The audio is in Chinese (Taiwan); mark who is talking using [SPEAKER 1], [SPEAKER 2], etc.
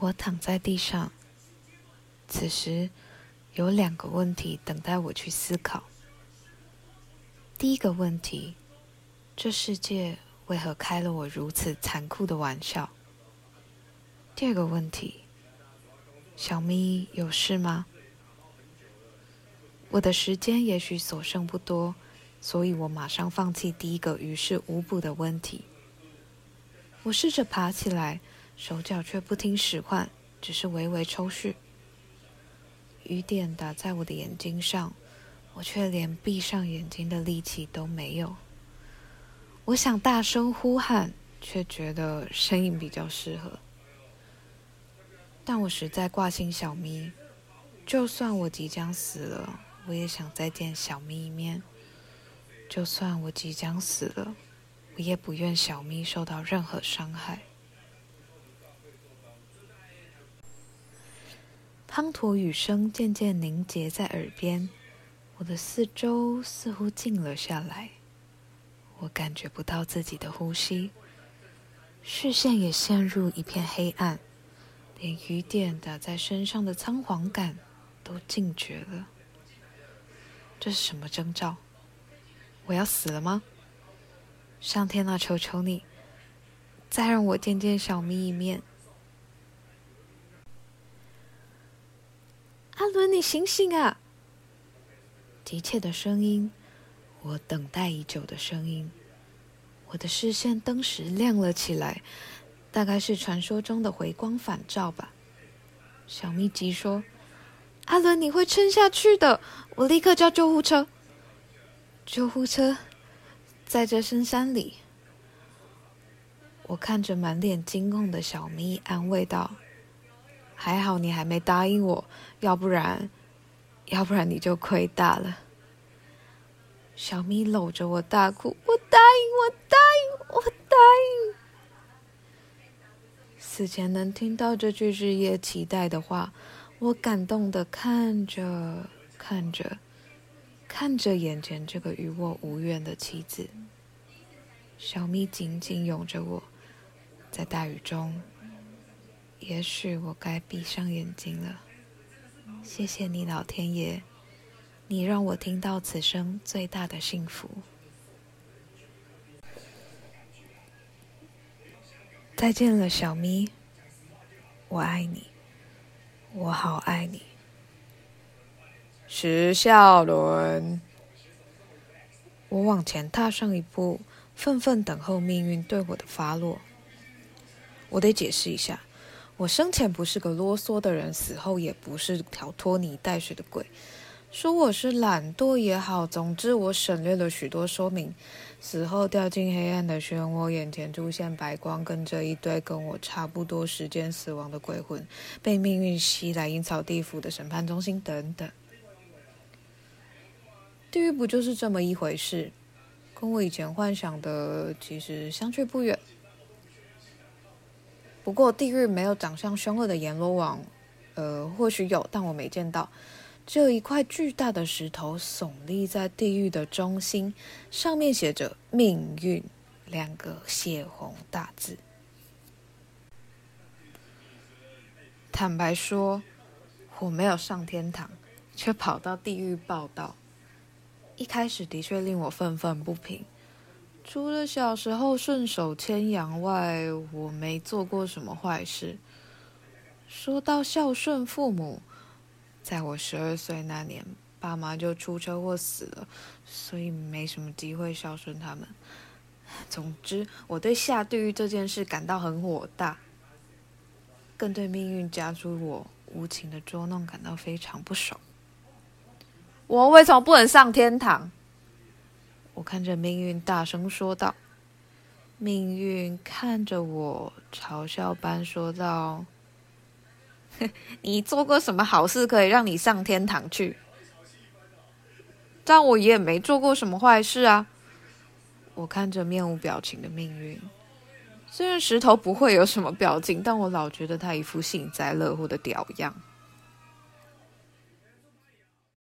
[SPEAKER 1] 我躺在地上，此時有兩個問題等待我去思考。第一個問題：這世界為何開了我如此殘酷的玩笑？第二個問題：小咪有事嗎？我的時間也許所剩不多，所以我馬上放棄第一個於事無補的問題。我試着爬起來。手腳卻不聽使喚，只是微微抽搐。雨點打在我的眼睛上，我卻連閉上眼睛的力氣都沒有。我想大聲呼喊，卻覺得聲音比較適合。但我實在掛心小咪，就算我即將死了，我也想再見小咪一面。就算我即將死了，我也不願小咪受到任何傷害。滂沱雨聲漸漸凝結在耳邊，我的四周似乎靜了下來，我感覺不到自己的呼吸，視線也陷入一片黑暗，連雨點打在身上的倉皇感都尽絕了。這是什麼徵兆？我要死了嗎？上天啊，求求你，再讓我見見小咪一面。阿倫，你醒醒啊！急切的聲音，我等待已久的聲音。我的視線登時亮了起來，大概是傳說中的回光返照吧。小咪急說：“阿倫，你會撐下去的，我立刻叫救護車。”救護車在這深山裡。我看着滿臉驚恐的小咪，安慰道。還好你還沒答應我，要不然，要不然你就虧大了。小咪摟着我大哭，我答應，我答應，我答應。死前能聽到這句日夜期待的話，我感動地看着，看着，看着眼前這個與我無緣的妻子。小咪緊緊擁着我，在大雨中。也許我該閉上眼睛了。謝謝你，老天爺，你讓我聽到此生最大的幸福。再見了，小咪，我愛你，我好愛你。石孝倫，我往前踏上一步，憤憤等候命運對我的發落。我得解釋一下。我生前不是個囉嗦的人，死後也不是條拖泥帶水的鬼。說我是懶惰也好，總之我省略了許多說明。死後掉進黑暗的漩渦，眼前出現白光，跟着一堆跟我差不多時間死亡的鬼魂，被命運吸來陰曹地府的審判中心，等等。地獄不就是這麼一回事？跟我以前幻想的其實相距不遠。不過，地獄沒有長相兇惡的閻羅王，呃，或許有，但我沒見到。只有一塊巨大的石頭聳立在地獄的中心，上面寫着“命運”兩個血紅大字。坦白說，我沒有上天堂，卻跑到地獄報到，一開始的確令我憤憤不平。除了小時候順手牽羊外，我沒做過什麼壞事。說到孝順父母，在我十二歲那年，爸媽就出車禍死了，所以沒什麼機會孝順他們。總之，我對下地獄這件事感到很火大，更對命運加諸我無情的捉弄感到非常不爽。我為什麼不能上天堂？我看着命運，大聲說道：“命運看着我，嘲笑般說道：‘你做過什麼好事可以讓你上天堂去？’但我也沒做過什麼壞事啊！”我看着面無表情的命運，雖然石頭不會有什麼表情，但我老覺得他一副幸災樂禍的屌樣。